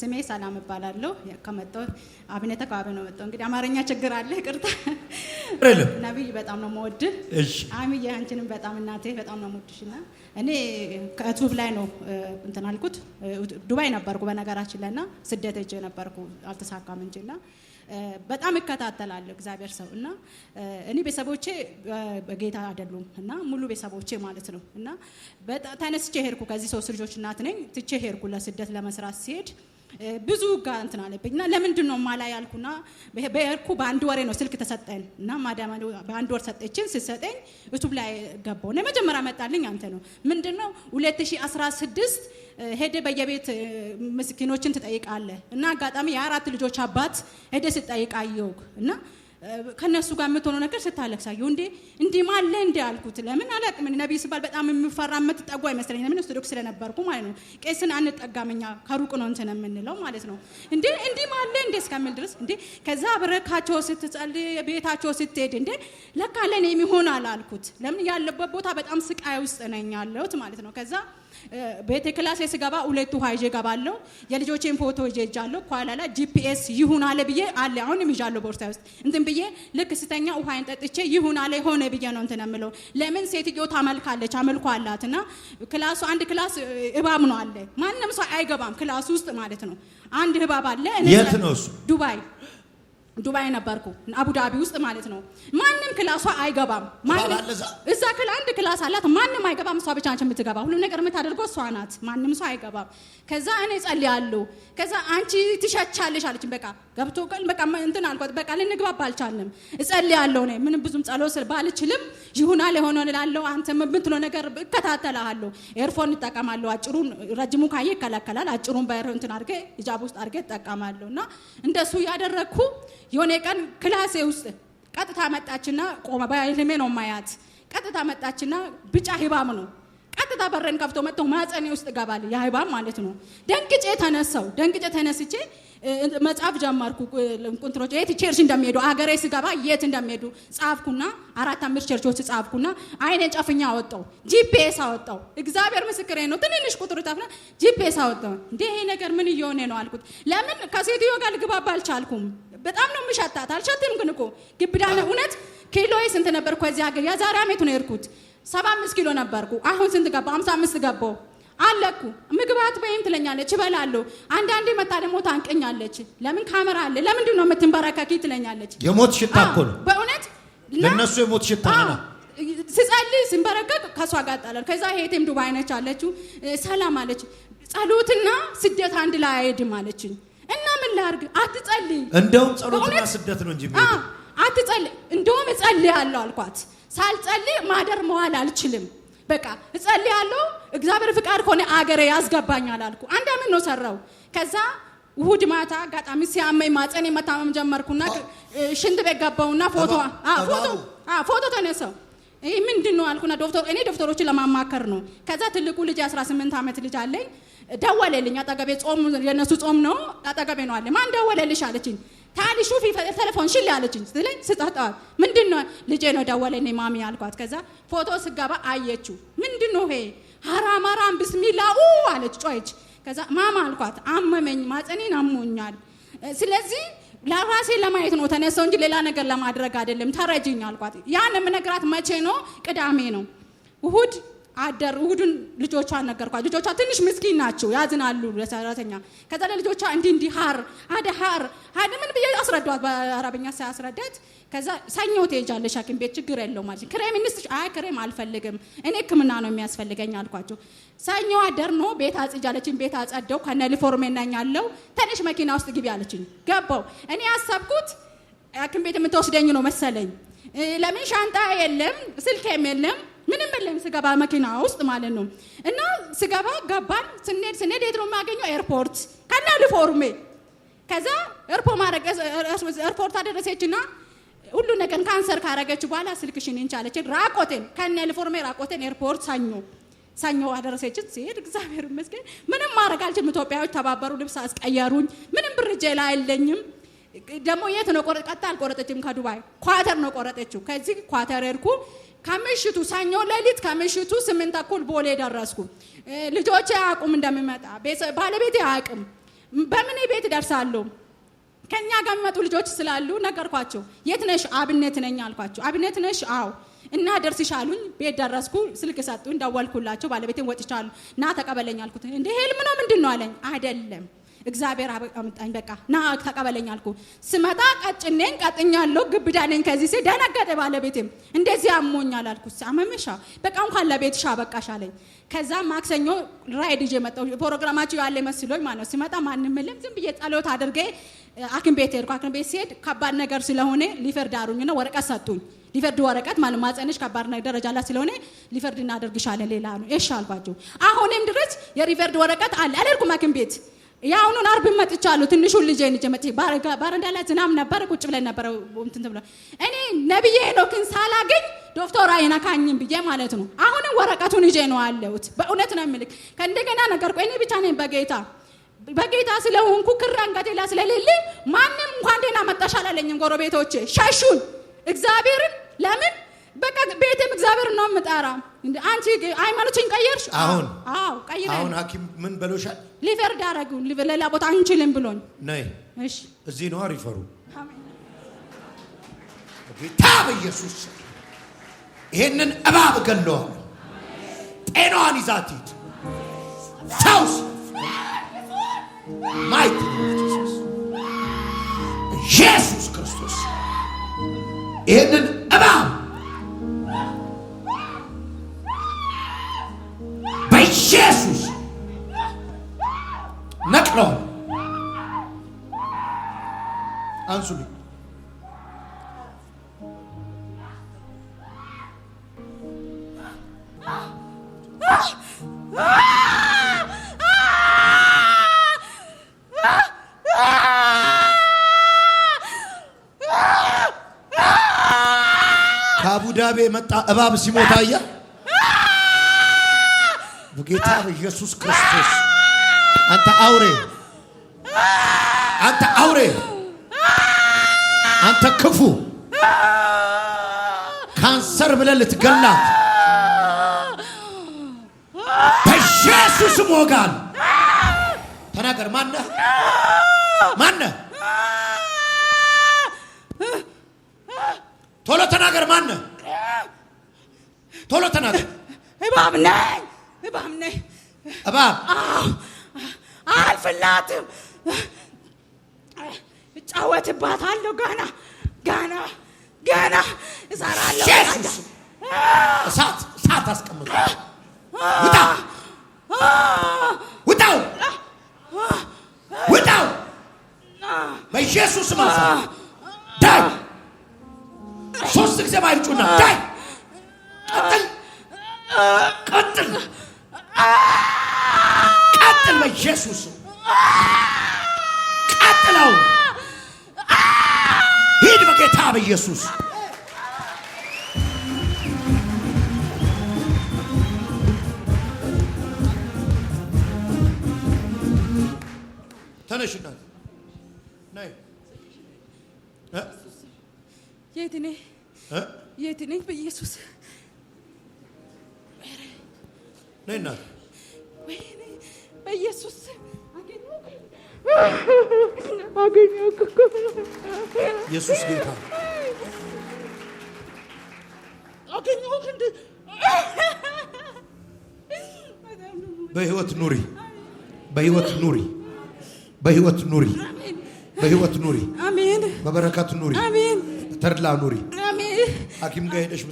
ስሜ ሰላም እባላለሁ። ከመጣሁ አብነት አካባቢ ነው መጣሁ። እንግዲህ አማርኛ ችግር አለ፣ ይቅርታ። ነብይ በጣም ነው የምወድህ። እሺ አሚዬ፣ አንቺንም በጣም እናቴ፣ በጣም ነው መወድሽ። እና እኔ ከዩቲዩብ ላይ ነው እንትን አልኩት። ዱባይ ነበርኩ በነገራችን ላይ እና ስደት ሄጄ ነበርኩ አልተሳካም እንጂ እና በጣም እከታተላለሁ እግዚአብሔር ሰው እና እኔ ቤተሰቦቼ በጌታ አይደሉም እና ሙሉ ቤተሰቦቼ ማለት ነው እና ተነስቼ ሄድኩ። ከዚህ ሶስት ልጆች እናት ነኝ። ትቼ ሄድኩ ለስደት ለመስራት ሲሄድ ብዙ ጋር እንትን አለብኝ እና ለምንድን ነው ማላ ያልኩና በኤርኩ በአንድ ወሬ ነው ስልክ ተሰጠን እና ማዳ በአንድ ወር ሰጠችን። ስሰጠኝ ዩቱብ ላይ ገባው እና መጀመሪያ መጣልኝ አንተ ነው ምንድን ነው 2016 ሄደ በየቤት ምስኪኖችን ትጠይቃለህ እና አጋጣሚ የአራት ልጆች አባት ሄደ ስጠይቃየው እና ከነሱ ጋር የምትሆነው ነገር ስታለቅሳየሁ እንዴ እንዲህ ማለ እንዲ አልኩት። ለምን አላቅም ነቢይ ሲባል በጣም የምፈራ የምትጠጓ አይመስለኝ። ለምን ኦርቶዶክስ ስለነበርኩ ማለት ነው። ቄስን አንጠጋም ከሩቅ ነው እንትን የምንለው ማለት ነው። እንዴ እንዲህ ማለ እንዴ እስከምል ድረስ እንዴ ከዛ ብረካቸው ስትጸል ቤታቸው ስትሄድ እንዴ ለካ ለኔ የሚሆን አላልኩት። ለምን ያለበት ቦታ በጣም ስቃይ ውስጥ ነኝ ያለሁት ማለት ነው። ከዛ ቤተ ክላሴ ስገባ ሁለት ውሃ ይዤ እገባለሁ። የልጆቼን ፎቶ ይዤ እጃለሁ። ኳላላ ጂፒኤስ ይሁን አለ ብዬ አለ አሁን ይዣለሁ ቦርሳ ውስጥ እንትን ብዬ ልክ ስተኛ ውሃዬን ጠጥቼ ይሁን አለ ሆነ ብዬ ነው እንትን የምለው። ለምን ሴትዮ ታመልካለች፣ አመልኮ አላት እና ክላሱ አንድ ክላስ እባብ ነው አለ። ማንም ሰው አይገባም ክላሱ ውስጥ ማለት ነው። አንድ እባብ አለ። የት ነው እሱ? ዱባይ ዱባይ ነበርኩ አቡዳቢ ውስጥ ማለት ነው። ማንም ክላሷ አይገባም። እዛ አንድ ክላስ አላት፣ ማንም አይገባም። እሷ ብቻ ነች የምትገባ። ሁሉም ነገር የምታደርገው እሷ ናት። ማንም ሰው አይገባም። ከዛ እኔ ጸልያለሁ። ከዛ አንቺ ትሸቻለሽ አለች። በቃ ገብቶ ቀን በቃ እንትን አልኳት። በቃ ልንግባባ አልቻልንም። እጸልያለሁ እኔ ምንም ብዙም ጸሎት ስል ባልችልም ይሁና የሆነ ላለው አንተ የምትለው ነገር እከታተልሃለሁ። ኤርፎን እጠቀማለሁ። አጭሩን ረጅሙ ካየ ይከላከላል። አጭሩን በእንትን አድርጌ ሂጃብ ውስጥ አድርጌ እጠቀማለሁ እና እንደሱ ያደረግኩ የሆነ ቀን ክላሴ ውስጥ ቀጥታ መጣችና ቆመ። በህልሜ ነው ማያት። ቀጥታ መጣችና ብጫ ህባም ነው ቀጥታ በረን ከፍቶ መጥቶ ማፀኔ ውስጥ ገባል። ያ ህባም ማለት ነው። ደንግጬ ተነሳው። ደንግጬ ተነስቼ መጽሐፍ ጀመርኩ። ቁንትሮች የት ቸርች እንደሚሄዱ አገሬ ስገባ የት እንደሚሄዱ ጻፍኩና አራት አምስት ቸርቾች ጻፍኩና አይኔን ጨፍኛ አወጣው። ጂፒኤስ አወጣው። እግዚአብሔር ምስክሬ ነው። ትንንሽ ቁጥር ጻፍና ጂፒኤስ አወጣው። እንዴ ይሄ ነገር ምን እየሆነ ነው አልኩት። ለምን ከሴትዮ ጋር ልግባባ አልቻልኩም። በጣም ነው የምሸታት። አልሸትም ግን እኮ ግብዳነ እውነት ኪሎዬ ስንት ነበር? ከዚህ ሀገር የዛሬ አመት ነው የሄድኩት። ሰባ አምስት ኪሎ ነበርኩ። አሁን ስንት ገባሁ? ሀምሳ አምስት ገባሁ። አለኩ ምግብ አትበይም ትለኛለች፣ እበላለሁ። አንዳንዴ መጣ ደግሞ ታንቀኛለች። ለምን ካሜራ አለ? ለምንድን ነው የምትንበረከኪ? ትለኛለች። የሞት ሽታ እኮ ነው በእውነት ለእነሱ የሞት ሽታ ነው። ስጸልይ ስንበረከክ ከእሷ ጋር ጣላል። ከዛ ሄቴም ዱባይ ነች አለችው። ሰላም አለች። ጸሎትና ስደት አንድ ላይ አይሄድም አለችኝ እና ምን ላርግ? አትጸልይ። እንደውም ጸሎትና ስደት ነው እንጂ አትጸልይ። እንደውም እጸልያለሁ አልኳት። ሳልጸልይ ማደር መዋል አልችልም በቃ እጸልያለሁ። እግዚአብሔር ፍቃድ ከሆነ አገር ያስገባኛል አልኩ። አንድ አመት ነው ሰራው። ከዛ እሁድ ማታ አጋጣሚ ሲያመኝ ማጸኔ መታመም ጀመርኩና ሽንት ቤት ገባውና ፎቶ ፎቶ ተነሳው። ይህ ምንድን ነው አልኩና ዶክተር እኔ ዶክተሮችን ለማማከር ነው። ከዛ ትልቁ ልጅ 18 ዓመት ልጅ አለኝ ደወለልኝ። አጠገቤ ጾም የነሱ ጾም ነው አጠገቤ ነው አለ። ማን ደወለልሽ አለችኝ። ታዲ ሹፊ ተለፎን ሽል ያለችኝ ስትለኝ ስጠጣዋል። ምንድን ነው ልጄ ነው ደወለኝ ማሚ አልኳት። ከዛ ፎቶ ስገባ አየችው። ምንድን ነው ይሄ ሀራም ሀራም ብስሚላኡ አለች ጮች። ከዛ ማማ አልኳት አመመኝ፣ ማፀኔን አሞኛል። ስለዚህ ለራሴ ለማየት ነው ተነሰው እንጂ ሌላ ነገር ለማድረግ አይደለም። ተረጅኝ አልኳት። ያን የምነግራት መቼ ነው? ቅዳሜ ነው እሁድ አደር እሁድን ልጆቿ ነገርኳት። ልጆቿ ትንሽ ምስኪን ናቸው፣ ያዝናሉ ለሰራተኛ። ከዛ ለልጆቿ እንዲህ እንዲህ ሀር አደ ሀር አደ ምን ብዬ አስረዳኋት፣ በአረበኛ ሳያስረዳት። ከዛ ሰኞ ትሄጃለሽ ሐኪም ቤት ችግር የለው ማለት ክሬም እንስጥሽ? አይ ክሬም አልፈልግም፣ እኔ ሕክምና ነው የሚያስፈልገኝ አልኳቸው። ሰኞ አደር ነው ቤት አጽጃለችኝ። ቤት አጸደው ከነ ሊፎርሜ እናኛለው። ትንሽ መኪና ውስጥ ግቢ አለችኝ። ገባው። እኔ ያሰብኩት ሐኪም ቤት የምትወስደኝ ነው መሰለኝ። ለምን ሻንጣ የለም ስልኬም የለም ምንም የለም ስገባ መኪና ውስጥ ማለት ነው። እና ስገባ ገባን። ስንሄድ ስንሄድ የት ነው የማገኘው? ኤርፖርት ከና ዩኒፎርሜ። ከዛ ኤርፖርት አደረሰችና ሁሉ ነገር ካንሰር ካረገች በኋላ ስልክሽን እንቻለች። ራቆቴን ከነ ዩኒፎርሜ ራቆቴን ኤርፖርት ሰኞ ሰኞ አደረሰችን። ሲሄድ እግዚአብሔር ይመስገን ምንም ማድረግ አልችልም። ኢትዮጵያዎች ተባበሩ፣ ልብስ አስቀየሩኝ። ምንም ብር እጄ ላይ የለኝም። ደግሞ የት ነው ቆረጥ? ቀጥታ አልቆረጠችም። ከዱባይ ኳተር ነው ቆረጠችው። ከዚህ ኳተር ሄድኩ። ከምሽቱ ሰኞ ሌሊት ከምሽቱ ስምንት ተኩል ቦሌ ደረስኩ። ልጆች አያውቁም እንደምመጣ፣ ባለቤቴ አያውቅም። በምን ቤት ደርሳለሁ? ከኛ ጋር የሚመጡ ልጆች ስላሉ ነገርኳቸው። የት ነሽ? አብነት ነኝ አልኳቸው። አብነት ነሽ? አዎ እና ደርስሻሉኝ። ቤት ደረስኩ። ስልክ ሰጡኝ። ደወልኩላቸው። ባለቤቴን ወጥቻለሁ፣ ና ተቀበለኝ አልኩት። እንደ ህልም ነው ምንድን ነው አለኝ። አይደለም እግዚአብሔር አመጣኝ። በቃ ና ተቀበለኝ አልኩ። ስመጣ ቀጭኔን ነኝ፣ ቀጥኛለሁ፣ ግብዳኔን ከዚህ ሲል ደነገጠ። ባለቤቴም እንደዚህ አሞኛል አልኩ። አመመሻ በቃ እንኳን ለቤትሽ አበቃሽ አለኝ። ከዛ ማክሰኞ ራይድ ይዤ መጣሁ። ፕሮግራማቸው ያለ መስሎኝ ማለት ነው። ስመጣ ማንም የለም። ዝም ብዬ ጸሎት አድርጌ ሐኪም ቤት ሄድኩ። ሐኪም ቤት ሲሄድ ከባድ ነገር ስለሆነ ሊፈርድ አሩኝ ነው ወረቀት ሰጡኝ። ሊፈርድ ወረቀት ማለት ማጸንሽ ከባድ ደረጃ ላይ ስለሆነ ሊፈርድ እናደርግሻለን ሌላ ነው። እሺ አልኳቸው። አሁንም ድረስ የሪፈርድ ወረቀት አለ። አልሄድኩም ሐኪም ቤት ያውኑን አርብ መጥቻለሁ። ትንሹን ልጄን ይዤ መጥቼ ባረንዳ ላይ ዝናብ ነበር፣ ቁጭ ብለን ነበር እንትን ብሎ እኔ ነብዬ ሄኖክን ሳላገኝ ዶክተር አይነካኝም ብዬ ማለት ነው። አሁንም ወረቀቱን ይዤ ነው ያለሁት። በእውነት ነው የምልክ። ከእንደገና ነገር ቆይ እኔ ብቻ ነኝ በጌታ በጌታ ስለሆንኩ ክር አንገቴ ላይ ስለሌለኝ ማንም እንኳን ደህና መጣሽ አላለኝም። ጎረቤቶቼ ሸሹን። እግዚአብሔርን ለምን በቃ ቤቴም እግዚአብሔር ነው የምጠራው። እንዴ አንቺ ሃይማኖችን ቀየርሽ? አሁን አዎ ቀይሬ አሁን ሐኪም ምን ብሎሻል? ሊፈር ዳረጉን ሌላ ቦታ አንችልም ብሎኝ ነይ። እሺ እዚህ ነው ሪፈሩ። ጌታ በኢየሱስ ይሄንን እባብ ገለዋለሁ። ጤናዋን ይዛት ሂድ። ፈውስ ማየት ኢየሱስ ክርስቶስ ይሄንን እባብ አንሱልኝ። ከአቡዳቢ የመጣ እባብ ሲሞት አያ በጌታ በኢየሱስ ክርስቶስ አንተ አውሬ አንተ አውሬ አንተ ክፉ ካንሰር ብለህ ልትገላት በኢየሱስ ሞጋል ተናገር። ማነ ማነ? ቶሎ ተናገር። ማነ? ቶሎ ተናገር። እባብ ነኝ፣ እባብ ነኝ። እባብ አልፍላትም ጫወትባታለሁ። ጋና ጋና ጋና እሰራለሁ። እሳት እሳት አስቀምጡ። ውጣው ውጣው በኢየሱስ ማሳ ዳይ ሶስት ጊዜ ባይጩና ዳይ ቀጥል ቀጥል ቀጥል በኢየሱስ ቀጥለው በኢየሱስ ተነሽና የት ነኝ የት ነኝ? በኢየሱስ ነይና በኢየሱስ ኢየሱስ ጌታ አገኘሁህ በህይወት ኑሪ፣ በህይወት ኑሪ፣ በህይወት ኑሪ፣ በህይወት ኑሪ፣ በበረከት ኑሪ፣ ተድላ ኑሪ። ሐኪም ጋር ሄደሽ